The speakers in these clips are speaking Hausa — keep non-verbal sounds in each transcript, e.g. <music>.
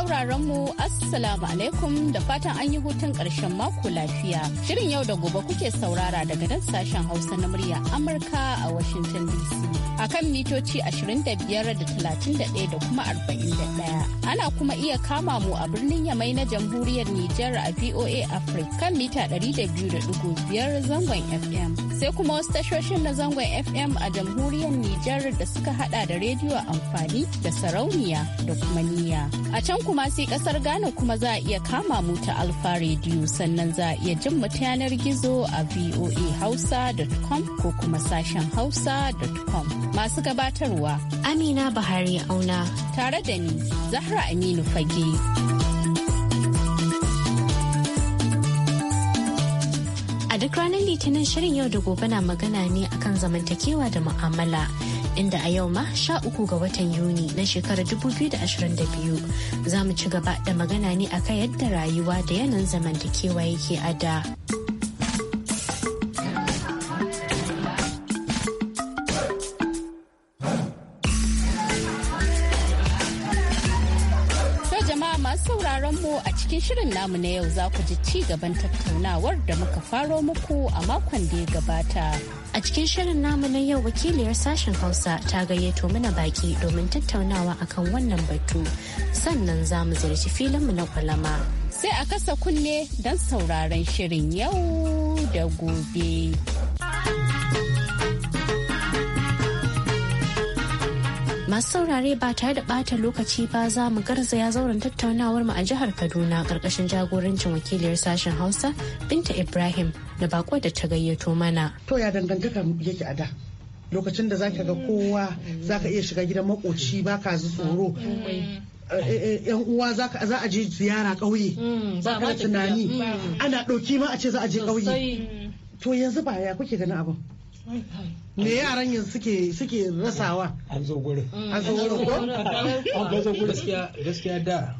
sauraron mu Assalamu alaikum da fatan an yi hutun ƙarshen mako lafiya. Shirin yau da gobe kuke saurara daga nan sashen Hausa na murya Amurka a Washington DC. a kan mitoci 25.31 da kuma 41. Ana kuma iya kama mu a birnin Yamai na jamhuriyar Nijar a VOA Africa kan mita 200.5 zangon FM. Sai kuma wasu tashoshin na zangon FM a jamhuriyar Nijar da suka hada da rediyo amfani da sarauniya da kuma niya. A can kuma sai kasar Ghana Ghana kuma za a iya kama mu ta Alfa Radio sannan za a iya jin ta yanar gizo a voahausa.com ko kuma sashen hausa.com. Masu gabatarwa Amina Bahari Auna tare da ni Zahra Aminu Fage. a duk ranar litinin shirin yau da gobe na magana ne akan zamantakewa da mu'amala inda a yau ma sha uku ga watan Yuni na shekarar da biyu za mu ci gaba da magana ne akan yadda rayuwa da yanayin zamantakewa yake a da. cikin shirin namu na yau za ku ji ci gaban tattaunawar da muka faro muku a makon da ya gabata. A cikin shirin namu na yau wakiliyar sashen Hausa ta gayyato mana baki domin tattaunawa akan wannan batu. Sannan za mu ziyarci filinmu na kwalama. Sai a kasa kunne don sauraron shirin yau da gobe. Masu saurare ba tare da bata lokaci ba za mu garzaya zauren tattaunawar mu a jihar Kaduna ƙarƙashin jagorancin wakiliyar sashen Hausa Binta Ibrahim da bako da ta gayyato mana. To ya dangantaka yake a da. Lokacin da zaka ga kowa zaka iya shiga gidan makoci ba ka ji tsoro. yan eh, eh, uwa za a je ziyara ƙauye mm, ba ka tunani mm. ana ɗauki ma a ce za a je ƙauye to yanzu ba ya kuke ganin abin me yaran yanzu suke suke rasawa an zo gurin mm, an zo gurin ko an zo gurin gaskiya gaskiya da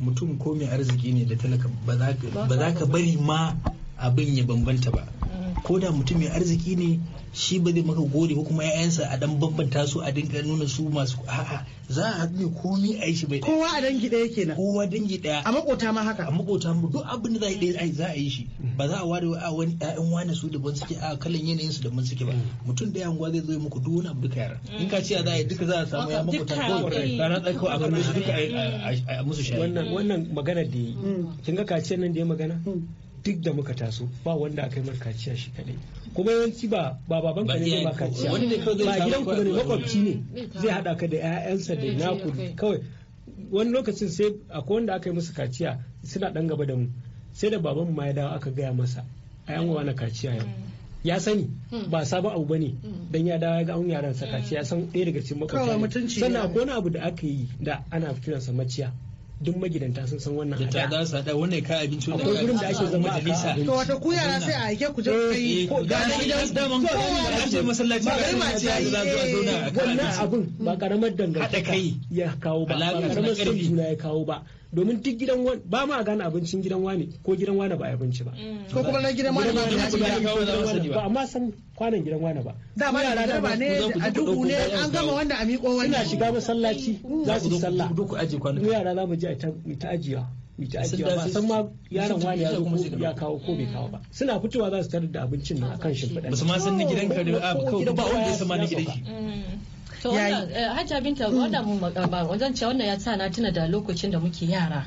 mutum ko mai arziki ne da talaka ba za ka bari ma abin ya bambanta ba mm. ko da mutum mai arziki ne shi ba zai maka gode ko kuma yayansa a dan bambanta su a dinga nuna su masu a'a za a haɗu ne komai a yi shi bai kowa a dangi ɗaya kenan kowa dangi ɗaya a makota ma haka a makota mu duk abin da za a yi ɗaya za a yi shi mm. ba za a ware a wani ƴaƴan wani su daban suke a kalan yanayin su daban suke ba mm. mutum ɗaya unguwa zai zo muku duk wani abu duka yara in ka ce za a yi duka za a samu ya makota ko rana ɗauko a kan su duka a musu shi wannan wannan magana da mm. kin ga kaciyar nan da ya magana duk da muka taso ba wanda aka yi mar shi kadai kuma yawanci ba ba baban ka ne ba kaciya ba gidan ku ne makwabci ne zai hada ka da ƴaƴansa da naku kawai wani lokacin sai akwai wanda aka yi musu kaciya suna dan gaba da mu sai da baban ma ya dawo aka gaya masa a yan wa na kaciya yau mm. ya sani mm. ba sabon abu bane mm. dan ya dawo ya ga an yaran sa kaciya san ɗaya daga cikin makwabci sannan akwai wani abu da aka yi da ana kiransa maciya duk magidanta sun san wannan hada da su hada wannan kai abinci gurin da ake zama a majalisa to wata ku yara sai a aike ku je ku yi eh, ko gidan da man ko da masallaci ba kai ma ce za zo a eh, abun ba karamar dangantaka ya kawo ba karamar sun juna ya kawo ba domin duk gidan wani ba ma gane abincin gidan wani ko gidan wani ba abinci ba mm. ko kuma na gidan wani ba ba amma san kwanan gidan wani ba da ba da ba ne a duhu ne an gama wanda a miƙo wani ina shiga masallaci za su sallah duk aje kwanan yara za mu je ta ajiya ta ajiya ba san ma yaron wani ya zo ya kawo ko bai kawo ba mm. suna fitowa za su tarar da abincin nan akan shimfiɗa ba su ma san ni gidan kare ba kawai ba wanda ya san ma ni gidan shi mm. to wannan eh, hajja binta hmm. wannan ba wajen ce wannan ya sa na tuna da lokacin da muke yara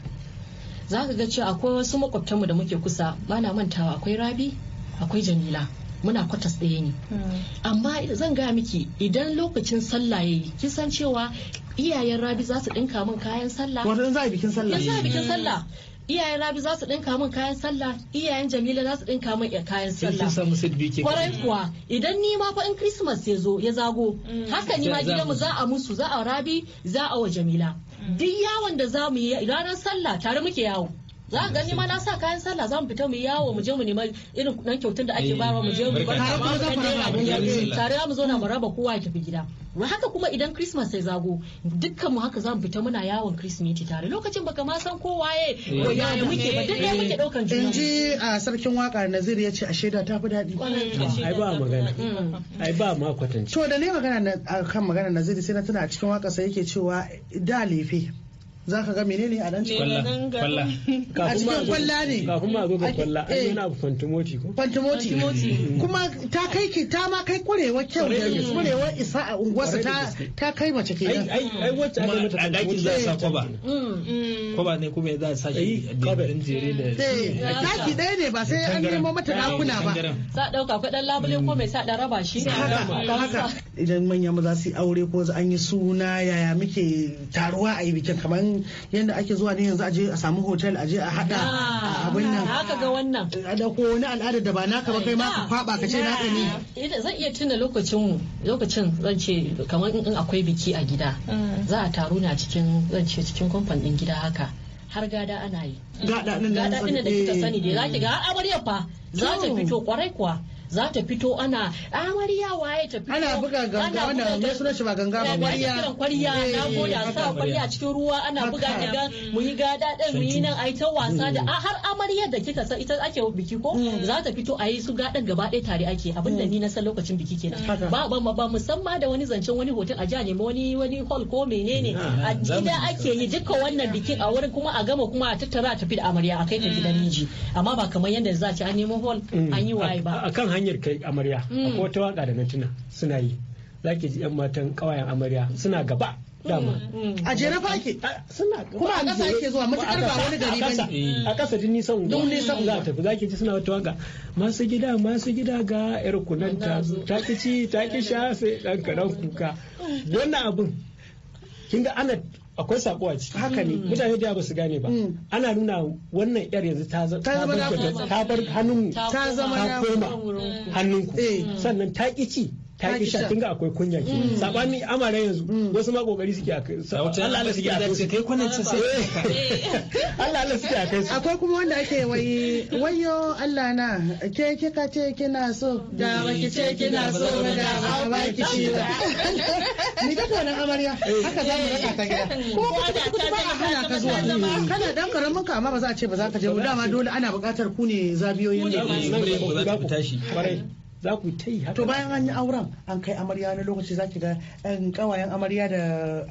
za ka ga cewa akwai wasu makwabtanmu da muke kusa ba na mantawa akwai rabi akwai jamila muna kwatas ɗaya ne hmm. amma zan gaya miki idan lokacin sallah ya yi kisan cewa iyayen rabi za su ɗinka min kayan sallah wato in za a bikin sallah za a bikin hmm. sallah iyayen rabi za su dinka min kayan sallah iyayen jamila za su dinka min kayan sallah kwarai kuwa idan ni ma fa in christmas ya zo ya zago mm. haka ni ma gidanmu za a musu za a rabi za a wa jamila mm. duk yawon da za mu yi ranar sallah tare muke yawo za ka gani ma na sa kayan sallah za mu fita mu yawo mu je mu nema irin dan kyautun da ake bayarwa mu je mu ba tare mu zo na mu raba kowa ya tafi gida haka kuma idan christmas ya zago dukkan mu haka zamu fita muna yawon christmas tare lokacin baka ma san ko waye eh. yaya muke ba duk muke daukan juna inji a sarkin waka nazir ya a shaida ta fi daɗi ah, ai ba magana mm. ai ba ma kwatanci to da ne magana kan magana nazir sai na tana cikin waka sai yake cewa da lefe za ka ga menene a nan cikin kwalla a cikin kwalla ne kafin kuma zo ga kwalla a yi eh. abu fantomoti ko fantomoti kuma ta kai ki ta ma kai kurewa kyau da kurewa isa a unguwarsa ta ta kai mace ke ai ai wacce aka mata a dakin za sa kwaba eh. mm, mm. kwaba ne kuma za sa shi din eh, jere da daki ɗaya ne ba sai an nemo mata dakuna ba za dauka dan labule ko mai mm. sa da raba shi haka idan manya maza su yi aure ko an yi suna yaya muke taruwa a yi bikin kamar irin yadda ake zuwa ne yanzu a je a samu hotel a je a hada ah, abin nan haka ga wannan a dauko wani al'ada da ba naka ba kai ma ka kwaba ka ce naka ne zan iya tuna lokacin mu lokacin zan ce kamar in akwai biki a gida mm. za a taru ne a cikin zan ce cikin kwamfan din gida haka har gada ana yi gada din da kika eh. sani da zaki ga amaryar fa za ta fito kwarai kuwa za ta fito ana ah, amarya waye ta fito ana buga ganga ana ne suna shi ba ganga ba kwariya kiran kwariya eh, na goya sa kwariya cikin ruwa ana buga ganga mu yi gada din mu yi nan ai ta wasa da mm. har amarya da kika sa ita ake biki ko mm. za ta fito a yi su gadan gaba ɗaya tare ake abinda mm. ni na san lokacin biki kenan ba ba ba musamman da wani zancen wani hoton a ja ne wani wani hall ko menene a gida ake yi duka wannan bikin a wurin kuma a gama kuma a tattara a tafi da amarya a kai ta gidan miji amma ba kamar yadda za a ci an nemo hall an yi waye ba hanyar kai amarya hmm. akwai wata waka da na tuna suna yi za ki ji yan matan kawayen amarya suna gaba dama hmm, hmm, a jere fa ke suna kuma a ƙasa ke zuwa matakar ba wani gari ba a ƙasa din nisan don nisan za ta ki ji suna wata waka masu gida masu gida ga yar kunan ta ta ci ta ki sha sai dan karan kuka wannan abun kin ga ana akwai saƙo a ciki haka ne mm. mutane da ba su gane ba mm. ana nuna wannan yar yanzu ta zama ta bar hannun ta zama ta koma hannunku eh. sannan ta ci. ta ki sha kinga akwai kunya ke mm. sabani amara yanzu mm. wasu ma kokari suke a kai Allah Allah suke a kai kai kunan ce sai eh. <laughs> Allah Allah suke a kai akwai kuma wanda ake wai wayo Allah na ke kika ce kina so da baki ce kina so da baki <laughs> ci da ni da kana amarya eh. haka za mu raka ta gida ko kuma ba a hana ka zuwa kana dan karamin ka amma ba za a ce ba za ka je dama dole ana bukatar ku ne zabiyoyin ne ba za ku tashi kwarai za ku ta yi to bayan an yi auren an kai amarya na lokaci za ki ga yan kawayen amarya da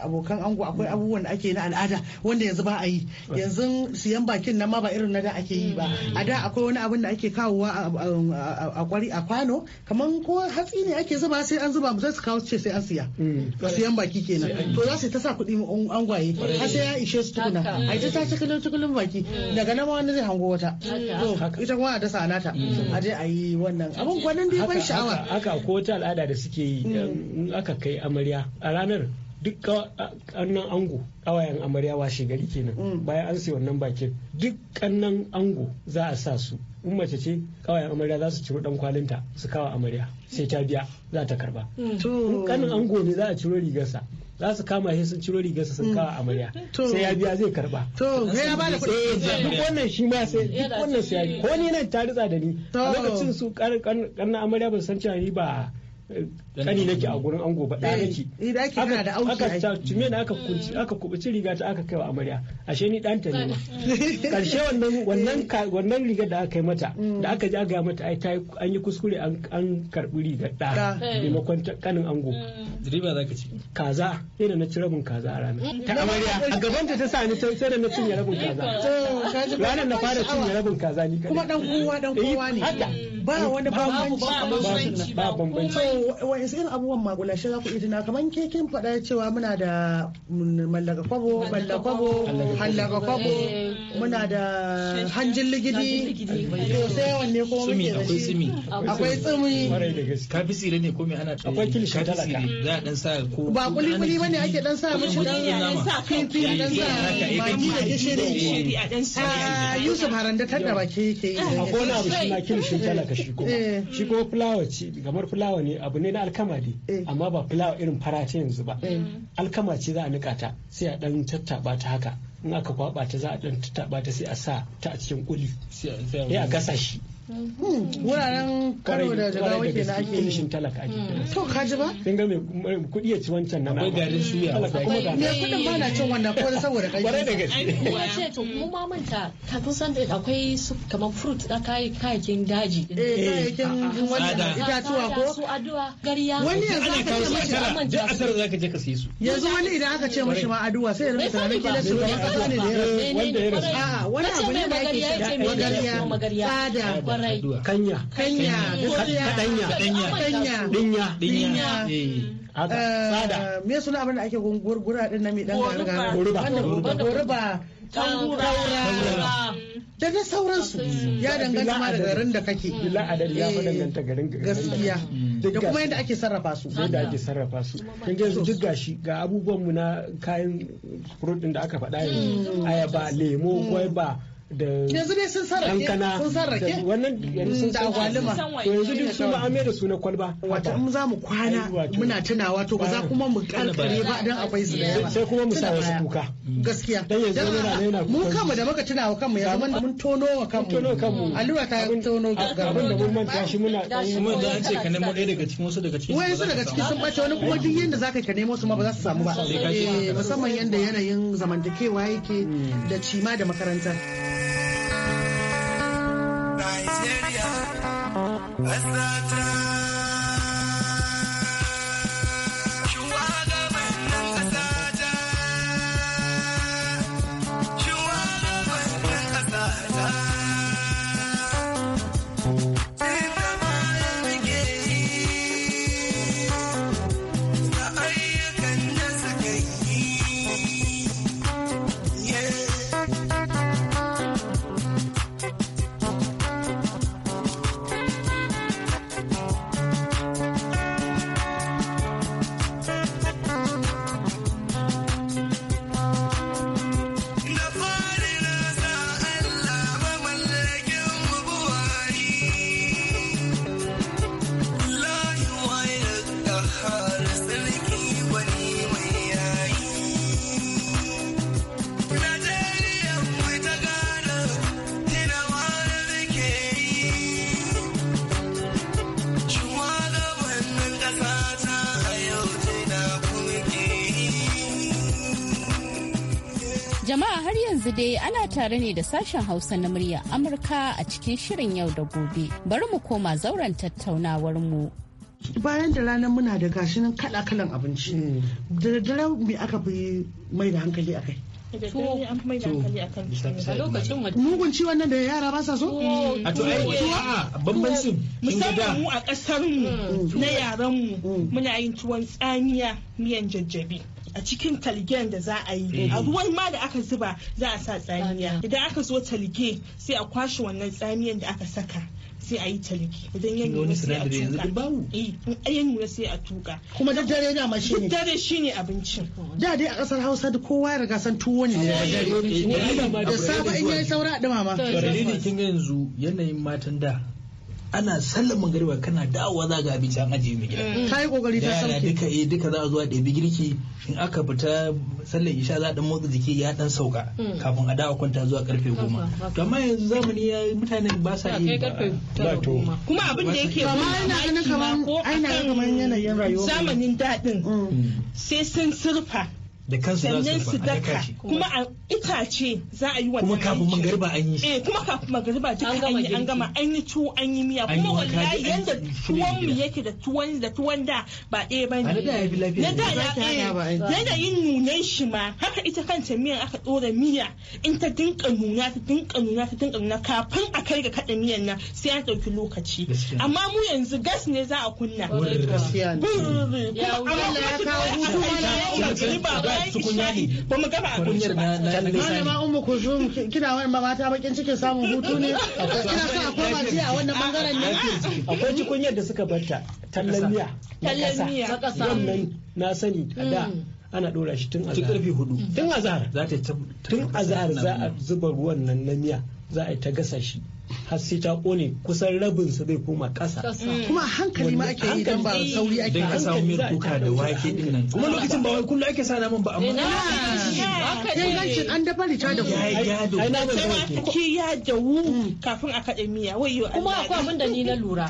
abokan ango akwai abubuwan da ake na al'ada wanda yanzu ba a yi yanzu siyan bakin nan ma ba irin na da ake yi ba a da akwai wani abin da ake kawowa a kwari a kwano kamar ko hatsi ne ake zuba sai an zuba za su kawo ce sai an siya mm. siyan baki kenan to za su ta sa kuɗi angwaye har sai ya ishe su tukuna a ita ta cikin cikin baki daga nan wani zai hango wata to ita kuma a dasa nata mm. a je a yi wannan abin kwanan biyu akwai sha'awa haka ko wata al'ada da suke yi mm. in aka kai amarya a ranar duk kannan ango ƙawayen amarya washe gari kenan mm. bayan an sai wannan bakin duk kannan ango za a sa su in mace ce ƙawayen amarya za su ciro dan kwalinta su kawa amarya sai ta biya za ta karba mm. in kannan ango ne za a ciro rigarsa za su kama shi sun ciro rigarsa sun kawo mm. amarya sai ya biya zai karba to sai ya bada kuɗi eh, duk eh. wannan shi ma sai duk wannan sai ya ko ni nan ta ritsa da ni a lokacin su karnan amarya ba san cewa ni ba Eh, kani nake a gurin ango ba ɗaya nake eh, aka cume na aka kunci aka kubuci riga ta aka kai wa amarya ashe ni ɗanta ne ma <laughs> karshe wannan riga da aka yi mata mm. da aka ji aka mata ai an yi kuskure an karɓi riga ɗa eh. maimakon kanin ango mm. riba za ka ci kaza yana da na ci rabin kaza a ranar mm. ta amarya a gabanta ta sa ni sai da na cinye rabin kaza ranar na fara cinye rabin kaza ni kuma dan kowa dan kowa ne ba eh, wani bambanci ba bambanci wa'in su abubuwan magulashe za ku iya tuna kamar keken faɗa cewa muna da mallaka kwabo balla kwabo hallaka kwabo eh, muna da hanjin ligidi to sai yawan ne kuma muke da shi akwai tsumi kafi tsire ne komai me ana akwai kilishi talaka za a dan sa ko ba kuli kuli bane ake dan sa mishi dan sa kifi dan sa ba magi da gishiri a Yusuf Haranda tadda baki yake akwai wani abu shi ma kilishi eh. talaka haka kuma shi kuma fulawa ce gamar fulawa ne abu ne na alkama ne eh. amma ba fulawa irin fara ta yanzu ba eh. alkama ce za a nika ta sai a dan tattaba ta haka in aka kwaba ta za a dan tattaba ta sai a sa ta a cikin kuli sai a gasa shi Hmm, wuraren karo da jigawa ke na ake yi talaka ake hmm. to ka ji ba kin ga mai kudi ya ci wancan nan akwai garin suya kuma ne kudin ba na cin wannan ko saboda kai kwarai da gaske kuma ce to mu ma manta kafin san akwai kamar fruit da kai kayakin daji eh, kayayyakin wannan ko su gariya wani yanzu aka ce mishi manta da asar zaka je yanzu wani idan aka ce mashi ma aduwa sai ya rinka tunanin su ne da ya rasu eh, wanda ya rasu a'a wani abu ne da yake da magariya tsada kwarai kanya kanya kadanya kanya dinya dinya haka tsada eh. eh, me suna abin da ake gurgura din na mai dan gargara goruba goruba tangura da na sauransu mm. ya danganta ma da garin da kake bila adadi ya eh, danganta garin gaskiya da kuma yadda ake sarrafa su yadda ake sarrafa su kin ga duk gashi ga abubuwan mu na kayan fruit din da aka faɗa yanzu mm. ayaba lemo mm. gwaiba da yanzu dai sun sarrake sun sarrake wannan mm, yanzu da walima yanzu duk su ba da su na kwalba wata in za mu kwana muna tunawa to ba za kuma mu kankare ba dan akwai su da yawa sai kuma mu sa wasu kuka gaskiya dan yanzu muna ne na mu kanmu da muka tunawa kanmu yanzu mun tono wa kanmu tono kanmu allura ta tono ga abin da mun manta shi muna mun da an ce ka nemo ɗaya daga cikin wasu daga cikin wai su daga cikin sun bace wani kuma duk yanda zaka ka nemo su ma ba za su samu ba eh, musamman yanda yanayin zamantakewa yake da cima da makaranta أسأتك dai ana tare ne da sashen Hausa na murya Amurka a cikin shirin yau da gobe. Bari mu koma zauren tattaunawar mu. Bayan da ranar muna da gashinan kala-kalan abinci. Mm. Da daddare me aka fi mai da hankali a kai? mugun ci wannan da yara ba sa so mm. a to ai a bambancin musamman mu a kasar mu mm. na yaran mu muna yin tuwon tsamiya miyan jajjabi a cikin talgen da za a yi mm. a ruwan ma da aka zuba za a sa tsamiya idan aka zo talge sai a kwashe wannan tsamiyan da aka saka sai a yi talge idan ya nuna sai a tuka eh, in ya nuna sai a tuka kuma da dare da ma shi ne dare shi ne abincin da dai a kasar hausa da kowa ya riga san tuwo ne da safa in yayi saura da mama to dalilin kin ga yanzu yanayin matan da ana sallar magariba kana dawowa za ga abinci an ajiye mai gida mm. ta yi kokari ta sauke duka eh duka za a zuwa a ɗebi girki in aka fita sallar isha za a dan motsa jiki ya dan sauka mm. kafin a dawo kwanta zuwa karfe goma to amma yanzu zamani ya mutane ba sa yi ba to kuma abin da yake ba ina ganin kamar ina ganin yanayin rayuwa zamanin daɗin. Mm. sai sun surfa da kansu za su daka kuma a itace za a yi wannan kuma kafin magariba an yi eh kuma kafin magariba duka an yi an gama an yi tuwo an yi miya kuma wallahi yanda tuwon mu yake da tuwon da tuwon da ba ɗaya bane na da ya bi lafiya na da ya yin nunan shi ma haka ita kanta miyan aka dora miya in ta dinka nuna ta dinka nuna ta dinka nuna kafin a kai ga kada miyan nan sai an ɗauki lokaci amma mu yanzu gas ne za a kunna ya kawo tukunya ne ba mu gama a kunyar ba malama ummu kuzum kina wani mata bakin cikin samun hutu ne kina so a koma ji a wannan bangaren ne akwai tukunyar da suka barta tallan miya na kasa wannan na sani a da mm. ana dora shi tun azahar tun azahar tun azahar za a zuba ruwan nan na miya za a yi ta gasa shi har sai ta kone kusan rabin su zai koma kasa. Mm. Kuma hankali ma ake yi don ba sauri ake don ka samu kuka da wake din nan. Kuma lokacin ba wai kullum ake sa naman ba amma. ganci an bari ta da ku Ai na ban zama mm. Ki ya jawu mm. kafin aka kaɗe miya wayo Allah. Kuma akwai abin da ni na lura.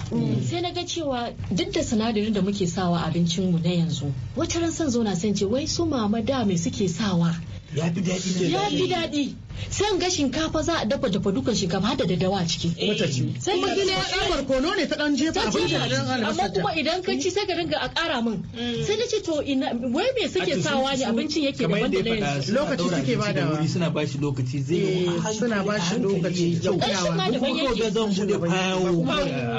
Sai na ga cewa duk da sinadarin da muke sawa abincin mu na yanzu. Wata ran son zo na san ce wai su mama da me suke sawa. ya fi daɗi ya fi daɗi sai ga shinkafa za a dafa dafa dukan shinkafa hada da dawa ciki mata ci sai kuma kina ya barkono ne ta ɗan jefa abin da dan amma kuma idan ka ci sai ka dinga a ƙara min mm. sai na nace to ina wai me suke sawa ne abincin yake da wanda ne lokaci suke ba da wuri suna ba shi lokaci zai yi eh, suna ba shi lokaci jauyawa ko da zan bude fayawo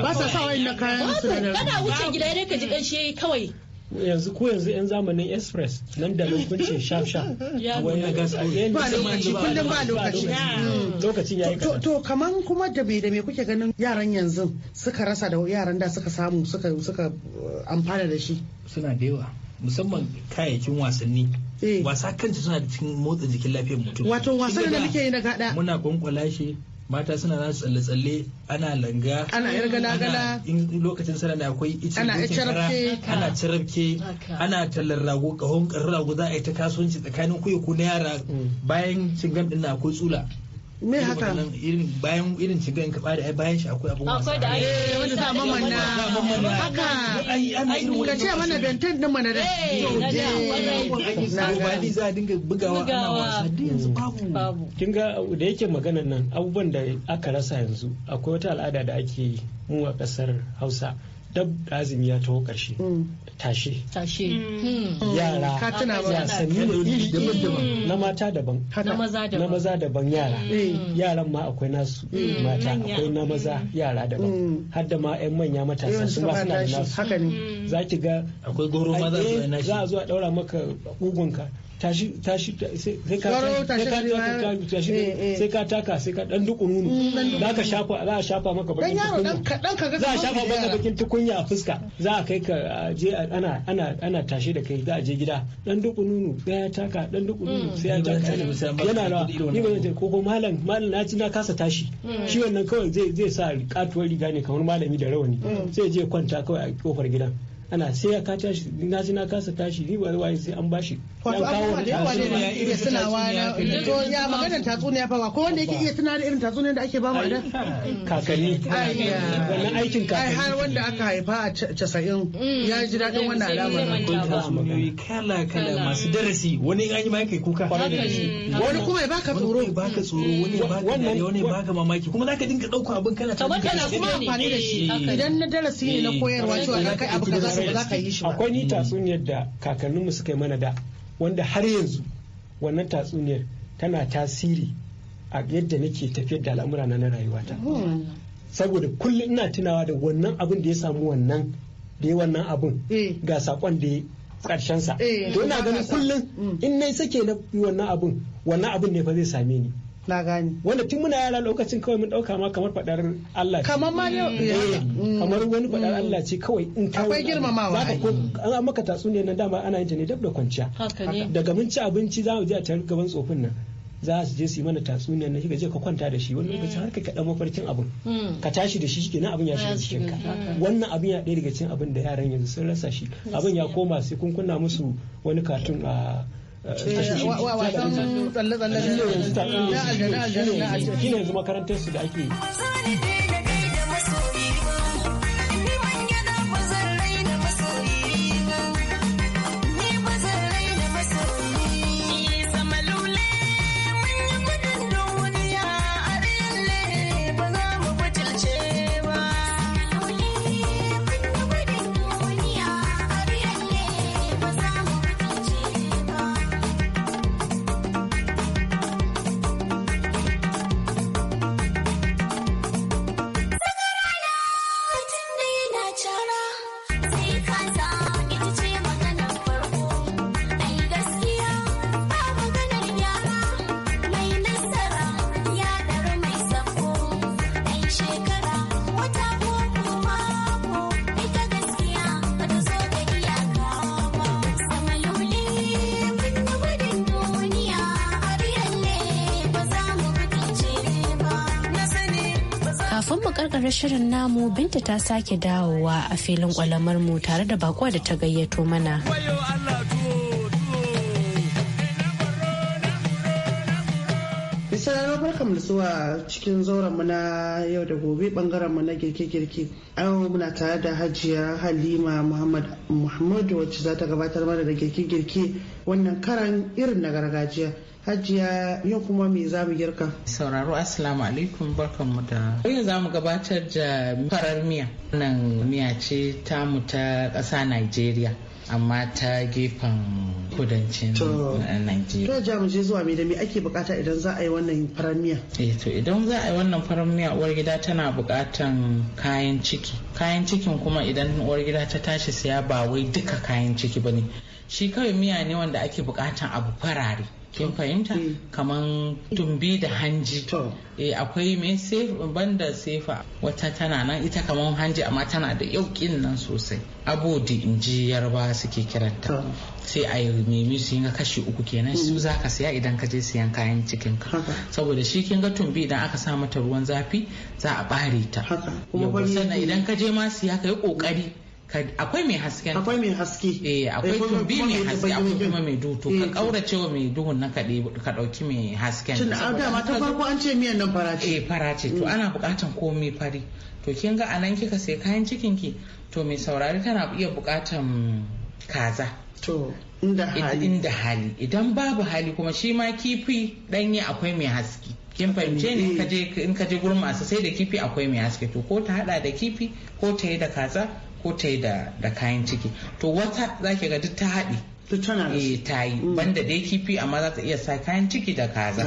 ba sa sawa inna kayan su da kana wuce gida dai ka ji kanshi kawai yanzu ko yanzu yan zamanin express nan da nan kun ce shaf shaf wani na gas ba lokaci kullum ba lokaci hmm, lokacin yi kadan to kaman kuma da me da me kuke ganin yaran yanzu suka rasa da yaran da suka samu suka suka uh, amfana da shi suna da yawa musamman kayayyakin wasanni eh. wasa kanta suna da cikin motsa jikin lafiyar mutum wato wasan da muke yi na gada muna kwankwala shi mata suna za su tsalle-tsalle ana langa ana yar gala-gala lokacin sana da akwai ita ana carabke ana carabke ana tallar rago kahon karrago za a yi ta kasuwanci tsakanin kuyi ko na yara mm. bayan cin din na akwai tsula me haka irin bayan irin shigan da ai bayan shi akwai abun wasa akwai da ai wanda za mamman na haka ai ana irin ka ce mana bentin din mana da eh, na ga ni za dinga bugawa ana wasa duk yanzu hmm. babu kin ga da yake maganan nan abubuwan da aka rasa yanzu akwai wata al'ada da ake yi mu a kasar Hausa dab azumi ya taho karshe mm. tashe tashe mm. Mm. yara wasanni ne na mata daban na maza daban yara eh. yaran ma akwai nasu mata akwai na maza yara daban har da ma 'yan manya matasa su ma suna da nasu za ki ga akwai goro maza eh, za a zo a daura maka ugunka tashi sai ka taka sai ka dan duku nunu mm, za ka shafa za a shafa maka bakin tukunya za a shafa maka bakin tukunya a fuska za a kai ka je ana ana ana tashi da kai za a je gida dan duku nunu ya taka dan duku nunu mm. sai ya taka yana rawa ni ba zai ko malam malam na ci na kasa tashi mm. shi wannan kawai zai zai sa katuwar riga ne kamar malami da rawani sai je kwanta kawai a kofar gidan ana sai ya kata shi na ji na kasa tashi ni ba waye sai an bashi wato abubuwa da yawa ne da iya tunawa na to ya maganar ne fa fawa ko wanda yake iya tuna da irin ne da ake ba mu da kakanni wannan aikin kakanni har wanda aka haifa a casa'in mm. ya ji dadin wannan alama akwai mai kala kala masu darasi wani in anyi yi kai kuka wani kuma ya baka tsoro wani baka tsoro mm. wani ya baka dare wani ya baka mamaki kuma zaka dinka dauka abin kana ta kana kuma amfani da shi eh. idan na darasi ne na eh. koyarwa cewa kai abu kaza akwai ni tatsuniyar da kakanninmu suka yi mana da wanda har yanzu wannan tatsuniyar tana tasiri a yadda nake tafiyar da al'amura na na rayuwata oh, saboda kullum ina tunawa da wannan abin da ya samu wannan da ya wannan abin eh. ga sakon da ya karshen sa eh, to ina ganin kullum mm. in nai sake na wannan abin wannan abin ne fa zai same ni na gani wanda tun muna yara lokacin kawai mun dauka ma kamar fadar Allah kamar ma yau eh, eh, mm. kamar wani fadar mm. Allah ce kawai in ka akwai girmamawa zaka ko eh. an maka tatsuniya nan dama ana yin ta ne dab da kwanciya daga mun ci abinci za mu je a can gaban tsofin nan za su je su yi mana tatsuniyar na shiga je ka kwanta da shi wani mm. lokacin har ka kaɗa mafarkin abin ka tashi da shi shi kenan abin ya shiga cikin ka wannan abin ya ɗaya daga cikin abin da yaran yanzu sun rasa shi abin ya koma sai kun kunna musu wani katun a ah, wasan tsalle-tsalle na aljanu aljanu na aljanu. Shi ne yanzu makarantar su da ake yi. karkare shirin namu binta ta sake dawowa a filin kwalamar mu tare da bakuwa da ta gayyato mana. na barkam da zuwa cikin zauren na yau da gobe bangaren mu na girke-girke yau muna tare da hajiya halima muhammad muhammadu wacce za ta gabatar mana da girke-girke wannan karan irin na gargajiya hajiya yau kuma me za mu girka sauraro assalamu alaikum barkanmu da yau za mu gabatar da farar miya wannan miya ce ta mu ta kasa nigeria amma ta gefen kudancin Najeriya. To jamu je zuwa me da me ake bukata idan za a yi wannan farar miya? Eh to idan za a yi wannan farar miya uwar gida tana bukatan kayan ciki. Kayan cikin kuma idan uwar gida ta tashi siya ba wai duka kayan ciki bane. Shi kawai miya ne wanda ake bukatan abu farare. kin fahimta mm. kaman tumbi da hanji E akwai mai sefa banda sefa wata tana nan ita kaman hanji amma tana da yaukin nan sosai abodi in ji yarba suke kiranta sai a yi nemi su ga kashi uku kenan su mm. za ka siya idan ka je siyan kayan cikin ka saboda shi kin ga tumbi idan aka sa mata ruwan zafi za a bare ta sannan idan ka je ma siya ka yi kokari akwai mai haske akwai mai haske eh akwai tumbi eh, mai haske akwai kuma mai duto eh, ka kaura cewa mai duhun na kaɗe ka ɗauki mai hasken tun ah, da ma ta farko an ce miyan nan farace eh farace to mm. ana ko komai fari to kin ga anan kika sai kayan cikin ki to mai saurari tana iya bukatan kaza to inda hali hali idan babu hali kuma shi ma kifi danye akwai mai haske kin fahimce ne eh. in ka je gurin masu sai da kifi akwai mai haske to ko ta hada da kifi ko ta yi da kaza ko ta yi da kayan ciki to wata za ki ga duk ta haɗi to tana eh ta yi mm. banda dai kifi amma za ta iya sa kayan ciki da kaza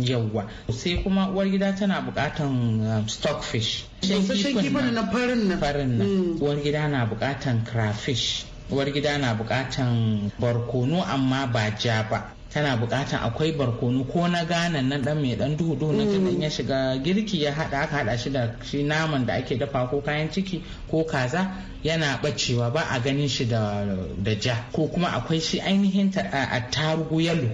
yawwa sai kuma uwar gida tana bukatan um, stockfish shi kifin na farin nan farin nan mm. uwar na bukatan crayfish uwar gida na bukatan barkono amma ba ja ba tana bukatan akwai barkono ko na gana nan dan mai dan duhu duhu ta kan ya mm. shiga girki ya hada aka hada shi da shi naman da ake dafa ko kayan ciki ko kaza yana bacewa ba a ganin shi da da ja ko kuma akwai shi ainihin tarugu yalo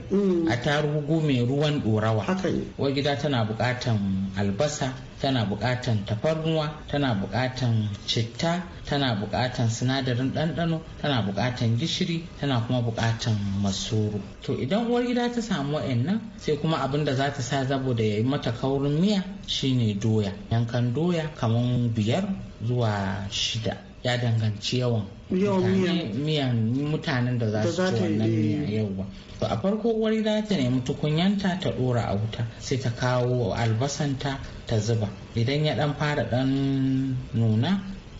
a tarugu mm. mai ruwan dorawa wa gida tana bukatan albasa tana buƙatan tafarnuwa tana buƙatan citta tana buƙatan sinadarin ɗanɗano tana buƙatan gishiri tana kuma buƙatan masoro to idan uwar gida ta samu wa'annan sai kuma abin da za ta sa zabo da ya yi mata kaurin miya shine doya yankan doya kamar biyar zuwa shida ya danganci yawan miyan mutanen da za su ci wannan eh. miya ba to a farko wari za ta nemi tukunyanta ta dora a wuta sai ta kawo albasanta ta zuba idan ya dan fara dan nuna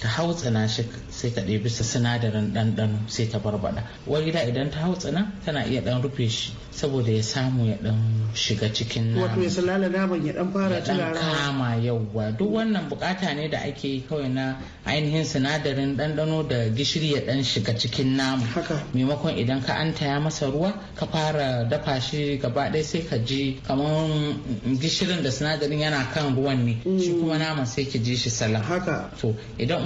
ta hau shi sai ta ɗebi sa sinadarin ɗanɗano sai ta barbaɗa wani da idan ta hau tsana tana iya ɗan rufe shi saboda ya samu ya ɗan shiga cikin wato ya salala naman ya ɗan fara tunara kama yauwa duk wannan bukata ne da ake kawai na ainihin sinadarin ɗanɗano da gishiri ya ɗan shiga cikin nama maimakon idan ka an taya masa ruwa ka fara dafa shi gaba ɗaya sai ka ji kamar gishirin da sinadarin yana kan ruwan ne shi mm. kuma nama sai ki ji shi salam haka to idan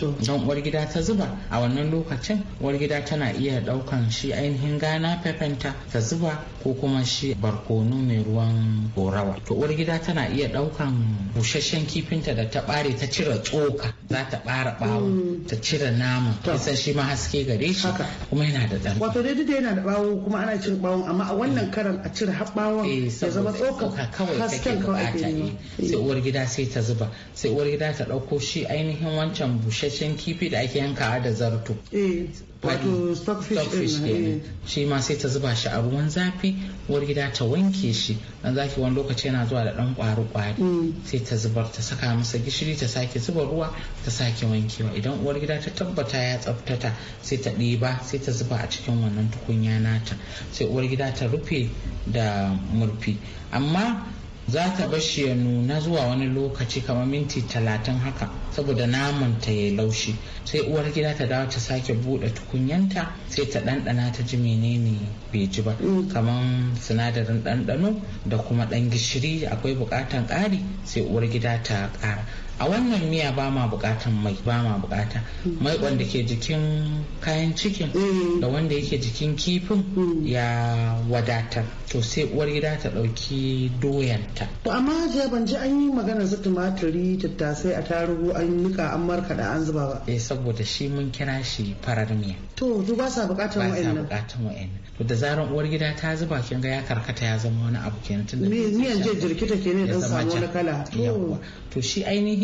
don uwar gida ta zuba a wannan lokacin uwar gida tana iya daukan shi ainihin gana pepenta ta zuba ko kuma shi barkono mai ruwan gorawa to uwar gida tana iya daukan busasshen kifinta da ta bare ta cire tsoka za ta bara bawo mm. ta cire nama kisan shi ma haske gare shi kuma yana da dan wato dai da yana da bawo kuma ana cin bawon amma a wannan mm. karan a cire har bawon eh, ya zama tsoka kawai hasken kawai eh. sai uwar gida sai ta zuba sai uwar gida ta dauko shi ainihin wancan bushe busasshen kifi da ake yankawa da zarto eh, wato stockfish kenan eh. shi ma sai ta zuba shi a ruwan zafi uwar gida ta wanke shi dan zafi wani lokaci yana zuwa da dan kwaru kwari mm. sai ta zubar ta saka masa gishiri ta sake zuba ruwa ta sake wankewa idan uwar gida ta tabbata ya tsaftata sai ta ɗiba sai ta zuba a cikin wannan tukunya nata sai uwar gida ta rufe da murfi amma za ta shi ya nuna zuwa wani lokaci kamar minti talatin haka saboda naman ta ya laushi sai uwar gida ta dawo ta sake bude tukunyanta sai ta dandana ta ji menene bai ji ba mm. kamar sinadarin dandano da kuma dan gishiri akwai bukatan kari sai uwar gida ta kara. a wannan miya ba ma bukatan mai ba ma bukata mai wanda ke jikin kayan cikin eh. da wanda yake jikin kifin hmm. ya wadatar to sai uwar gida ta dauki doyanta to amma jiya ban ji an yi magana su tumaturi tattasai a tarugu an nika an da an zuba ba eh saboda shi mun kira shi farar miya to duk ba sa bukatan wa'annan ba sa bukatan wa'annan to da zaran uwar gida ta zuba kin ga ya karkata ya zama wani abu kenan tunda miyan je take ne dan samu wani kala to shi ainihin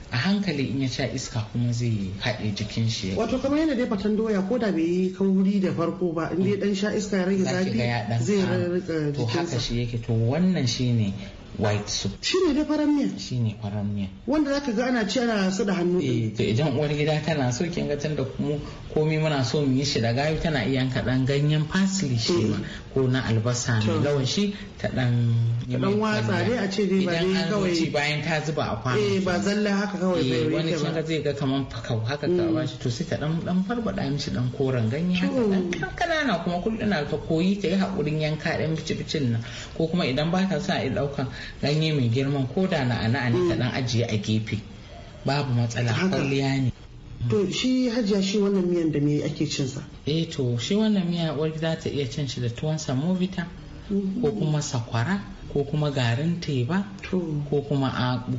a hankali in ya sha iska kuma zai haɗe jikin shi wato kamar yana dai fatan doya ko da bai yi kauri da farko ba in dai dan sha iska ya rage zafi zai rika to haka shi yake to wannan shine white soup ne da farar miya ne farar miya wanda ka ga ana ci ana su da hannu eh to idan uwar gida tana so kin ga tunda kuma komai muna so mu yi shi da gayu tana iya yanka dan ganyen parsley shi ma mm. ko na albasa ne lawan shi ta dan dan watsa dai a ce dai ba dai kawai bayan ta zuba a kwano eh ba zalla haka kawai bai yi eh, wani kin ga zai ga kaman fakau haka ka mm. ba shi to sai ta dan dan farbada mishi dan koren ganye haka dan kanana kuma kullun ta koyi ta yi hakurin yanka dan bici bicin nan ko kuma idan ba ta sa a dauka ganye mai girman ko da ana ne ta dan ajiye a gefe babu matsala kwalliya ne to shi hajiya shi wannan miyan da me ake cin sa eh to shi wannan miya uwar za ta iya cin shi da tuwon samovita ko mm-hmm. kuma sakwara ko kuma garin teba ko kuma abu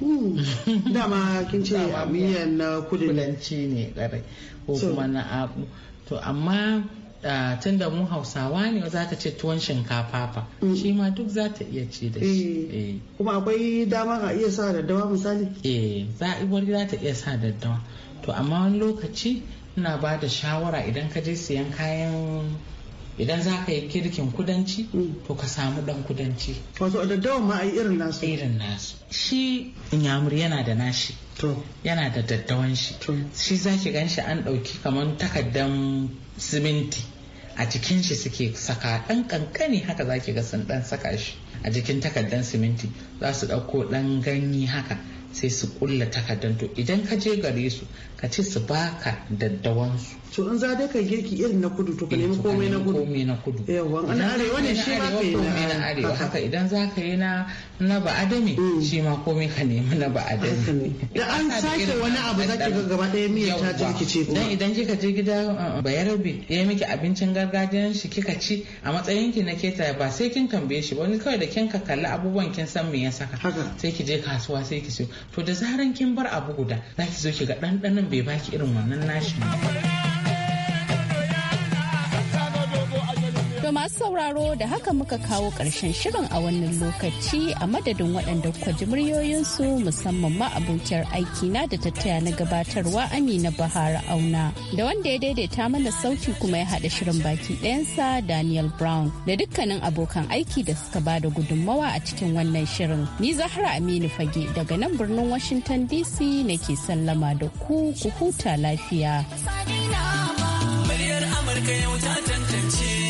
mm. <laughs> dama kin ce miyan na kudanci ne kare ko kuma na abu to amma Ah, tun da mu hausawa ne za ta ce tuwon shinkafa fa mm. shi ma duk za ta iya ci da shi eh. Eh. kuma akwai dama a iya sa daddawa misali eh za za ta iya sa daddawa to amma wani lokaci ina ba da shawara idan ka je siyan kayan idan za ka yi kirkin kudanci mm. to ka samu dan kudanci wato daddawa ma a yi irin nasu irin nasu shi inyamur yana da nashi yana da daddawan shi shi za shi gan shi an ɗauki kamar takaddan siminti a jikin shi suke saka ɗan kankani haka za ki ga sun ɗan saka shi a jikin takaddan siminti za su ɗauko ɗan ganye haka sai su ƙulla takardan to idan ka je gare su ka ci su baka daddawansu to in za dai ka girki irin na kudu to ka nemi komai na kudu komai na kudu yawa an arewa ne shi ma ka yi na arewa haka idan za ka yi na na ba adami mm. shi ma komai ka nemi na ba adami da an sake wani abu za ki ga gaba ɗaya miyar ta jirkice kuma dan idan kika je gida uh, uh, bayarabe ya yi miki abincin gargajiyan shi kika ci a matsayin ki na keta ba sai kin tambaye shi ba wani kawai da kin ka kalli abubuwan kin san me ya saka sai ki je kasuwa sai ki siyo to da zaran kin bar abu guda za ki zo ki ga ɗanɗanin bai baki irin wannan nashi masu sauraro da haka muka kawo ƙarshen shirin a wannan lokaci a madadin waɗanda kwa ji muryoyinsu musamman ma abokiyar aiki na da tattaya na gabatarwa Amina Bahar Auna da wanda ya daidaita mana sauki kuma ya haɗa shirin baki ɗayansa Daniel Brown da dukkanin abokan aiki da suka ba da gudunmawa a cikin wannan shirin. Ni Zahra Aminu Fage daga nan birnin Washington DC nake sallama da ku ku huta lafiya. Amurka yau ta tantance.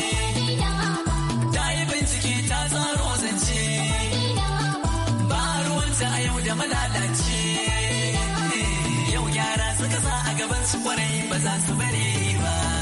tsaro zance ba ruwanta a yau da malalace yau gyara suka sa a gaban su kwarai ba za su bare ba